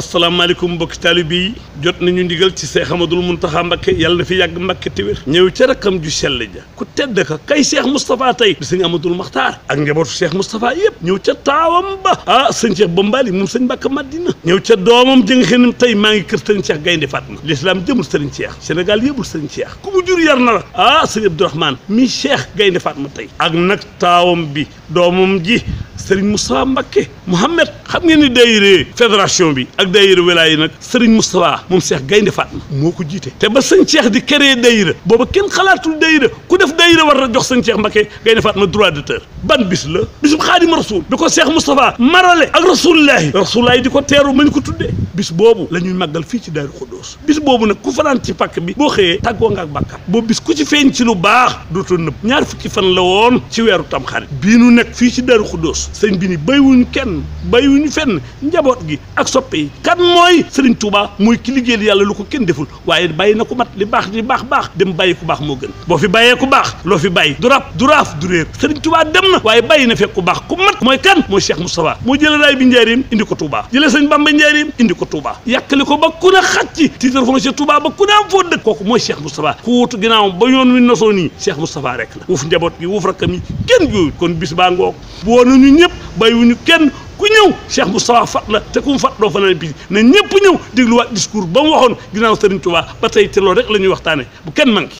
asalaamaaleykum mbokki taalibe yi jot nañu ndigal ci Seex Amadul Muntaxa Mbakke yàlla na fi yàgg Mbakke te wér ñëw ca rakkam ju sell ja ku tedd ka kay Seex Moustapha tey di sëñ Amadul Maxtaar ak njabootu Seex Moustapha yëpp ñëw ca taawam ba ah sëñ Seex Bambaali moom sëñ Mbakke Madina ñëw ca doomam jëng xenim tey maa ngi kër sëriñ Seex Gaynde Fatma lislaam jëmul sëriñ Seex senegal yëbul sëriñ Seex ku mu jur yar na la ah sëñ Abdourahmane mi Seex Gaynde Fatma tey ak nag taawam bi doomam سرين مصرا مكه محمد خمني ني دايره فيدراسيون بي اك دايره ولايه نك سرين مصرا موم شيخ غيند فاطمه موكو جيتي تي با سن شيخ دي كري دايره بوبا كين خلاتول دايره كو ديف دايره ورا جوخ سن شيخ مكه غيند فاطمه دروا دوتور بان بيس لا بيسم خادم الرسول ديكو شيخ مصطفى مارالي اك رسول الله رسول الله ديكو تيرو منكو تودي bis boobu la ñuy màggal fii ci Daaru Xuddoos bis boobu nag ku fanaan ci pàkk bi boo xëyee tàggoo nga ak bàkkaar boobu bis ku ci feeñ ci lu baax dootoo nëb ñaar fukki fan la woon ci weeru tamxarit bii nu nekk fii ci Daaru Xuddoos sëñ bi ni béywuñu kenn bay wu béywuñu fenn njaboot gi ak soppe yi kan mooy Sëriñ Tuubaa mooy ki liggéeyal yàlla lu ko kenn deful waaye bàyyi na ko mat li baax li baax baax dem bàyyi ku baax moo gën boo fi bàyyee ku baax loo fi bàyyi du rab du raaf na waaye bàyyi na fekk ku baax mooy kan mooy Cheikh moo jële raay ko Tuubaa jële sëñ ko Touba yàkkali ko ba ku ne xaj ci titre foncier Touba ba ku ne am foo dëkk kooku mooy Cheikh Moustapha ku wutu ginnaawam ba yoon wi nosoo nii Cheikh Moustapha rek la wuuf njaboot gi wuuf rakkam yi kenn jooyu kon bis baa ngoog boo nañu ñëpp bàyyiwuñu kenn ku ñëw Cheikh Moustapha fat la te ku mu fat doo fa naan bis ne ñëpp ñëw dégluwaat discours ba mu waxoon ginnaaw Serigne Touba ba tey te loolu rek la waxtaane bu kenn manqué